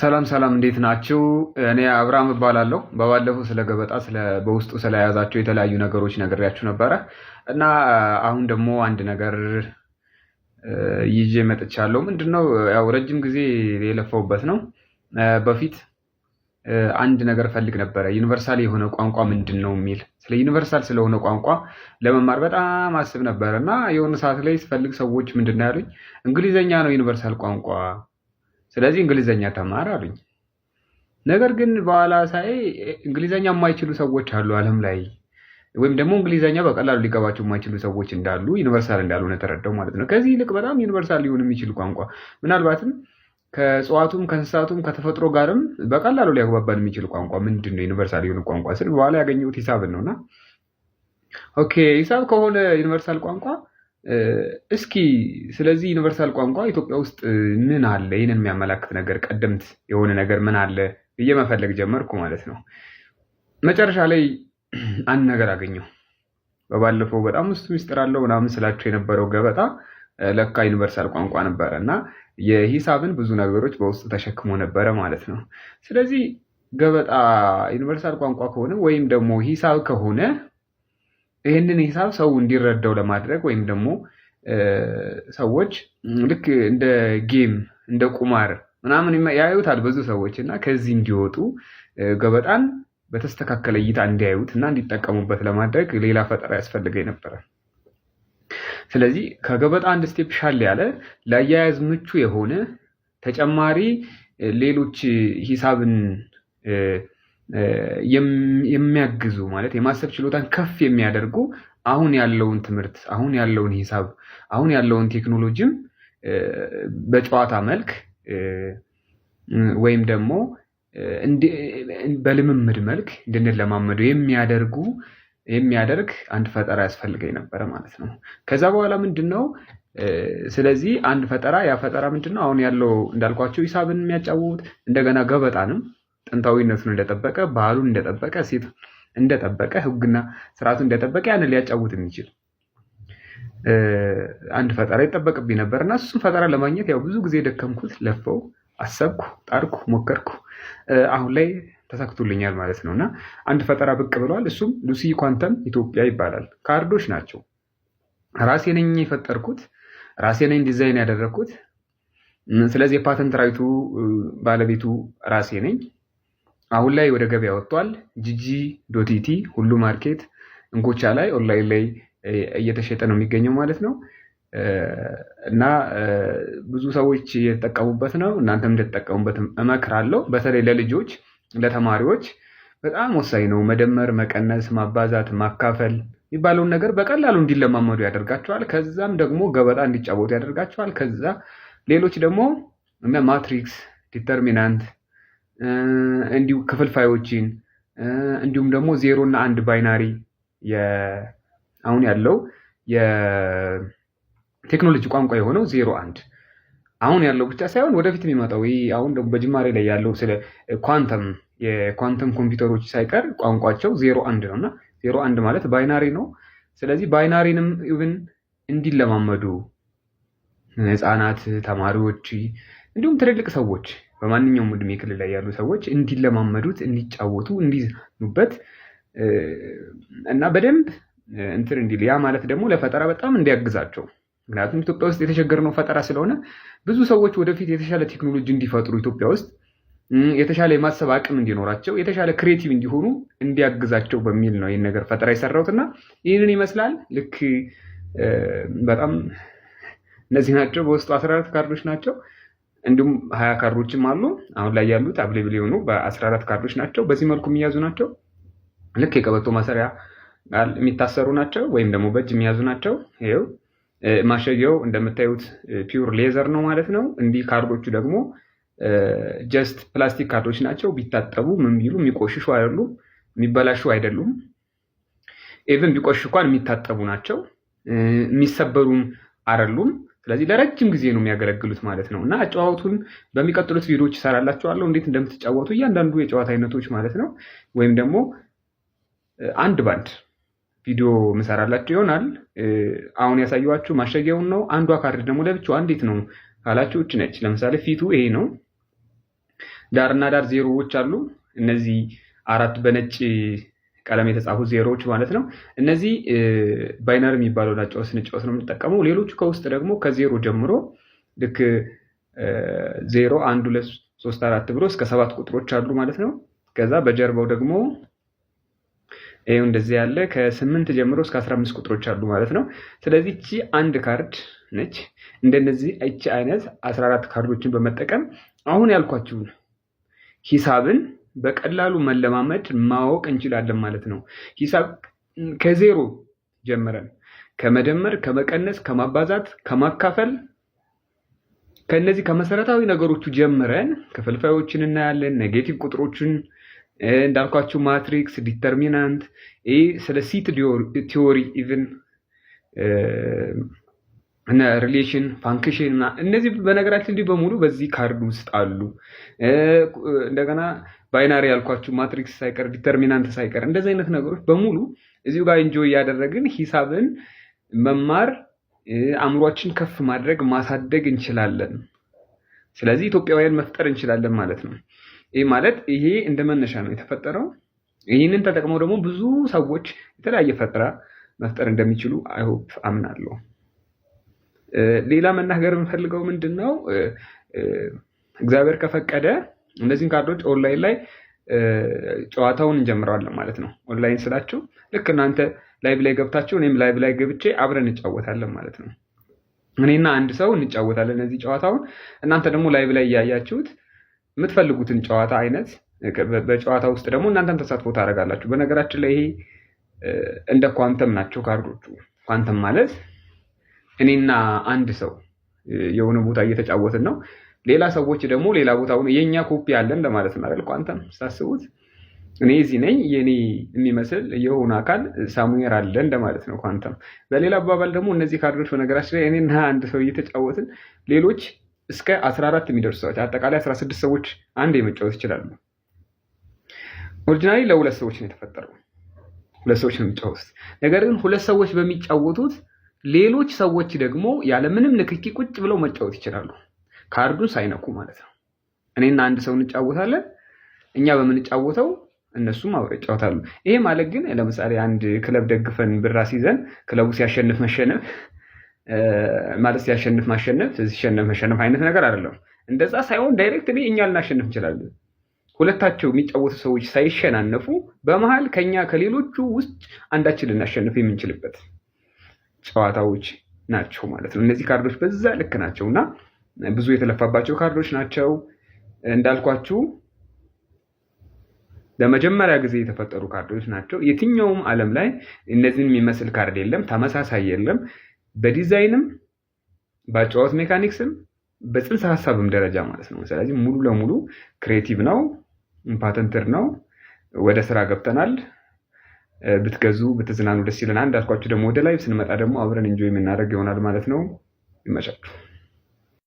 ሰላም ሰላም እንዴት ናችሁ? እኔ አብርሃም እባላለሁ። በባለፈው ስለ ገበጣ በውስጡ ስለያዛቸው የተለያዩ ነገሮች ነግሬያችሁ ነበረ እና አሁን ደግሞ አንድ ነገር ይዤ መጥቻለሁ። ምንድን ነው ያው ረጅም ጊዜ የለፈውበት ነው። በፊት አንድ ነገር ፈልግ ነበረ፣ ዩኒቨርሳል የሆነ ቋንቋ ምንድን ነው የሚል ስለ ዩኒቨርሳል ስለሆነ ቋንቋ ለመማር በጣም አስብ ነበረ እና የሆነ ሰዓት ላይ ስፈልግ ሰዎች ምንድን ነው ያሉኝ እንግሊዘኛ ነው ዩኒቨርሳል ቋንቋ ስለዚህ እንግሊዘኛ ተማር አሉኝ። ነገር ግን በኋላ ሳይ እንግሊዘኛ የማይችሉ ሰዎች አሉ ዓለም ላይ ወይም ደግሞ እንግሊዘኛ በቀላሉ ሊገባቸው የማይችሉ ሰዎች እንዳሉ ዩኒቨርሳል እንዳልሆነ ተረዳው ማለት ነው። ከዚህ ይልቅ በጣም ዩኒቨርሳል ሊሆን የሚችል ቋንቋ ምናልባትም ከእጽዋቱም ከእንስሳቱም ከተፈጥሮ ጋርም በቀላሉ ሊያግባባን የሚችል ቋንቋ ምንድን ነው? ዩኒቨርሳል የሆነ ቋንቋ ስል በኋላ ያገኘሁት ሂሳብን ነውና ኦኬ ሂሳብ ከሆነ ዩኒቨርሳል ቋንቋ እስኪ ስለዚህ ዩኒቨርሳል ቋንቋ ኢትዮጵያ ውስጥ ምን አለ? ይህንን የሚያመላክት ነገር ቀደምት የሆነ ነገር ምን አለ ብዬ መፈለግ ጀመርኩ ማለት ነው። መጨረሻ ላይ አንድ ነገር አገኘው። በባለፈው በጣም ውስጥ ሚስጥር አለው ምናምን ስላቸው የነበረው ገበጣ ለካ ዩኒቨርሳል ቋንቋ ነበረ እና የሂሳብን ብዙ ነገሮች በውስጡ ተሸክሞ ነበረ ማለት ነው። ስለዚህ ገበጣ ዩኒቨርሳል ቋንቋ ከሆነ ወይም ደግሞ ሂሳብ ከሆነ ይህንን ሂሳብ ሰው እንዲረዳው ለማድረግ ወይም ደግሞ ሰዎች ልክ እንደ ጌም እንደ ቁማር ምናምን ያዩታል ብዙ ሰዎች እና ከዚህ እንዲወጡ ገበጣን በተስተካከለ እይታ እንዲያዩት እና እንዲጠቀሙበት ለማድረግ ሌላ ፈጠራ ያስፈልገ ነበረ። ስለዚህ ከገበጣ አንድ ስቴፕ ሻል ያለ ለአያያዝ ምቹ የሆነ ተጨማሪ ሌሎች ሂሳብን የሚያግዙ ማለት የማሰብ ችሎታን ከፍ የሚያደርጉ አሁን ያለውን ትምህርት አሁን ያለውን ሂሳብ አሁን ያለውን ቴክኖሎጂም በጨዋታ መልክ ወይም ደግሞ በልምምድ መልክ እንድንለማመዱ የሚያደርጉ የሚያደርግ አንድ ፈጠራ ያስፈልገኝ ነበረ ማለት ነው። ከዛ በኋላ ምንድን ነው ስለዚህ አንድ ፈጠራ ያ ፈጠራ ምንድነው አሁን ያለው እንዳልኳቸው ሂሳብን የሚያጫውት እንደገና ገበጣንም ጥንታዊነቱን እንደጠበቀ ባህሉን እንደጠበቀ ሴት እንደጠበቀ ህግና ስርዓቱ እንደጠበቀ ያንን ሊያጫውት የሚችል አንድ ፈጠራ ይጠበቅብኝ ነበር እና እሱን ፈጠራ ለማግኘት ያው ብዙ ጊዜ ደከምኩት፣ ለፈው፣ አሰብኩ፣ ጣርኩ፣ ሞከርኩ። አሁን ላይ ተሳክቶልኛል ማለት ነው እና አንድ ፈጠራ ብቅ ብለዋል። እሱም ሉሲ ኳንተም ኢትዮጵያ ይባላል። ካርዶች ናቸው። ራሴ ነኝ የፈጠርኩት፣ ራሴ ነኝ ዲዛይን ያደረግኩት። ስለዚህ የፓተንት ራይቱ ባለቤቱ ራሴ ነኝ። አሁን ላይ ወደ ገበያ ወጥቷል። ጂጂ ዶቲቲ ሁሉ ማርኬት፣ እንጎቻ ላይ ኦንላይን ላይ እየተሸጠ ነው የሚገኘው ማለት ነው። እና ብዙ ሰዎች እየተጠቀሙበት ነው። እናንተም እንደተጠቀሙበት እመክራለሁ። በተለይ ለልጆች ለተማሪዎች በጣም ወሳኝ ነው። መደመር፣ መቀነስ፣ ማባዛት፣ ማካፈል የሚባለውን ነገር በቀላሉ እንዲለማመዱ ያደርጋቸዋል። ከዛም ደግሞ ገበጣ እንዲጫወቱ ያደርጋቸዋል። ከዛ ሌሎች ደግሞ እነ ማትሪክስ፣ ዲተርሚናንት እንዲሁ ክፍልፋዮችን እንዲሁም ደግሞ ዜሮ እና አንድ ባይናሪ አሁን ያለው የቴክኖሎጂ ቋንቋ የሆነው ዜሮ አንድ አሁን ያለው ብቻ ሳይሆን ወደፊት የሚመጣው ይህ አሁን ደግሞ በጅማሬ ላይ ያለው ስለ ኳንተም የኳንተም ኮምፒውተሮች ሳይቀር ቋንቋቸው ዜሮ አንድ ነው እና ዜሮ አንድ ማለት ባይናሪ ነው። ስለዚህ ባይናሪንም ኢቭን እንዲለማመዱ ህፃናት፣ ተማሪዎች እንዲሁም ትልልቅ ሰዎች በማንኛውም ዕድሜ ክልል ላይ ያሉ ሰዎች እንዲለማመዱት፣ እንዲጫወቱ፣ እንዲዝኑበት እና በደንብ እንትን እንዲል ያ ማለት ደግሞ ለፈጠራ በጣም እንዲያግዛቸው ምክንያቱም ኢትዮጵያ ውስጥ የተቸገርነው ፈጠራ ስለሆነ ብዙ ሰዎች ወደፊት የተሻለ ቴክኖሎጂ እንዲፈጥሩ ኢትዮጵያ ውስጥ የተሻለ የማሰብ አቅም እንዲኖራቸው የተሻለ ክሬቲቭ እንዲሆኑ እንዲያግዛቸው በሚል ነው ይህን ነገር ፈጠራ የሰራሁት እና ይህንን ይመስላል። ልክ በጣም እነዚህ ናቸው። በውስጡ አስራ አራት ካርዶች ናቸው። እንዲሁም ሀያ ካርዶችም አሉ። አሁን ላይ ያሉት አብሌብል የሆኑ በአስራ አራት ካርዶች ናቸው። በዚህ መልኩ የሚያዙ ናቸው። ልክ የቀበቶ ማሰሪያ ቃል የሚታሰሩ ናቸው፣ ወይም ደግሞ በእጅ የሚያዙ ናቸው። ይኸው ማሸጊያው እንደምታዩት ፒውር ሌዘር ነው ማለት ነው። እንዲህ ካርዶቹ ደግሞ ጀስት ፕላስቲክ ካርዶች ናቸው። ቢታጠቡ ምን ቢሉ የሚቆሽሹ አይደሉም፣ የሚበላሹ አይደሉም። ኢቭን ቢቆሽሹ እንኳን የሚታጠቡ ናቸው። የሚሰበሩም አይደሉም። ስለዚህ ለረጅም ጊዜ ነው የሚያገለግሉት ማለት ነው እና አጨዋወቱን በሚቀጥሉት ቪዲዮዎች ይሰራላቸዋለሁ እንዴት እንደምትጫወቱ እያንዳንዱ የጨዋታ አይነቶች ማለት ነው። ወይም ደግሞ አንድ ባንድ ቪዲዮ ምሰራላችሁ ይሆናል። አሁን ያሳየኋችሁ ማሸጊያውን ነው። አንዷ ካርድ ደግሞ ለብቻዋ እንዴት ነው ካላችሁ እች ነች። ለምሳሌ ፊቱ ይሄ ነው። ዳርና ዳር ዜሮዎች አሉ። እነዚህ አራት በነጭ ቀለም የተጻፉ ዜሮዎች ማለት ነው። እነዚህ ባይነር የሚባለው ናቸው ስንጫወት ነው የምንጠቀመው። ሌሎቹ ከውስጥ ደግሞ ከዜሮ ጀምሮ ልክ ዜሮ አንድ ሁለት ሶስት አራት ብሎ እስከ ሰባት ቁጥሮች አሉ ማለት ነው። ከዛ በጀርባው ደግሞ ይኸው እንደዚህ ያለ ከስምንት ጀምሮ እስከ አስራ አምስት ቁጥሮች አሉ ማለት ነው። ስለዚህ እቺ አንድ ካርድ ነች። እንደነዚህ እቺ አይነት አስራ አራት ካርዶችን በመጠቀም አሁን ያልኳችሁን ሂሳብን በቀላሉ መለማመድ ማወቅ እንችላለን ማለት ነው። ሂሳብ ከዜሮ ጀምረን ከመደመር፣ ከመቀነስ፣ ከማባዛት፣ ከማካፈል ከእነዚህ ከመሰረታዊ ነገሮቹ ጀምረን ክፍልፋዮችን እናያለን። ኔጌቲቭ ቁጥሮችን እንዳልኳችሁ ማትሪክስ፣ ዲተርሚናንት ይህ ስለ ሲት ቲዎሪ ኢቭን እነ ሪሌሽን ፋንክሽን ምናምን እነዚህ በነገራችን እንዲህ በሙሉ በዚህ ካርድ ውስጥ አሉ። እንደገና ባይናሪ ያልኳችሁ ማትሪክስ ሳይቀር ዲተርሚናንት ሳይቀር እንደዚህ አይነት ነገሮች በሙሉ እዚሁ ጋር ኢንጆይ እያደረግን ሂሳብን መማር አእምሯችን ከፍ ማድረግ ማሳደግ እንችላለን። ስለዚህ ኢትዮጵያውያን መፍጠር እንችላለን ማለት ነው። ይህ ማለት ይሄ እንደ መነሻ ነው የተፈጠረው። ይህንን ተጠቅመው ደግሞ ብዙ ሰዎች የተለያየ ፈጠራ መፍጠር እንደሚችሉ አይሆፕ አምናለሁ። ሌላ መናገር የምፈልገው ምንድን ነው፣ እግዚአብሔር ከፈቀደ እነዚህን ካርዶች ኦንላይን ላይ ጨዋታውን እንጀምረዋለን ማለት ነው። ኦንላይን ስላችሁ ልክ እናንተ ላይቭ ላይ ገብታችሁ እኔም ላይቭ ላይ ገብቼ አብረን እንጫወታለን ማለት ነው። እኔና አንድ ሰው እንጫወታለን እነዚህ ጨዋታውን። እናንተ ደግሞ ላይቭ ላይ እያያችሁት የምትፈልጉትን ጨዋታ አይነት በጨዋታ ውስጥ ደግሞ እናንተም ተሳትፎ ታደርጋላችሁ። በነገራችን ላይ ይሄ እንደ ኳንተም ናቸው ካርዶቹ። ኳንተም ማለት እኔና አንድ ሰው የሆነ ቦታ እየተጫወትን ነው። ሌላ ሰዎች ደግሞ ሌላ ቦታ የእኛ ኮፒ አለን ለማለት ነው አይደል? ኳንተም ስታስቡት እኔ እዚህ ነኝ፣ የኔ የሚመስል የሆነ አካል ሳሙዌር አለ እንደማለት ነው ኳንተም። በሌላ አባባል ደግሞ እነዚህ ካርዶች በነገራችን ላይ እኔና አንድ ሰው እየተጫወትን ሌሎች እስከ 14 የሚደርሱ ሰዎች አጠቃላይ 16 ሰዎች አንድ የመጫወት ይችላሉ። ኦሪጂናሊ ለሁለት ሰዎች ነው የተፈጠረው፣ ሁለት ሰዎች ነው የሚጫወቱት። ነገር ግን ሁለት ሰዎች በሚጫወቱት ሌሎች ሰዎች ደግሞ ያለምንም ንክኪ ቁጭ ብለው መጫወት ይችላሉ፣ ካርዱን ሳይነኩ ማለት ነው። እኔና አንድ ሰው እንጫወታለን። እኛ በምንጫወተው እነሱም አብረው ይጫወታሉ። ይሄ ማለት ግን ለምሳሌ አንድ ክለብ ደግፈን ብራ ሲዘን ክለቡ ሲያሸንፍ መሸነፍ ማለት ሲያሸንፍ ማሸነፍ ሲሸነፍ መሸነፍ አይነት ነገር አይደለም። እንደዛ ሳይሆን ዳይሬክት እኛ ልናሸንፍ እንችላለን። ሁለታቸው የሚጫወቱ ሰዎች ሳይሸናነፉ በመሀል ከኛ ከሌሎቹ ውስጥ አንዳችን ልናሸንፍ የምንችልበት ጨዋታዎች ናቸው ማለት ነው። እነዚህ ካርዶች በዛ ልክ ናቸው እና ብዙ የተለፋባቸው ካርዶች ናቸው። እንዳልኳችሁ ለመጀመሪያ ጊዜ የተፈጠሩ ካርዶች ናቸው። የትኛውም ዓለም ላይ እነዚህን የሚመስል ካርድ የለም፣ ተመሳሳይ የለም። በዲዛይንም በጨዋት ሜካኒክስም በጽንሰ ሀሳብም ደረጃ ማለት ነው። ስለዚህ ሙሉ ለሙሉ ክሬቲቭ ነው፣ ፓተንትር ነው። ወደ ስራ ገብተናል። ብትገዙ ብትዝናኑ ደስ ይለናል። እንዳልኳችሁ ደግሞ ወደ ላይ ስንመጣ ደግሞ አብረን እንጆይ የምናደርግ ይሆናል ማለት ነው። ይመቻችሁ።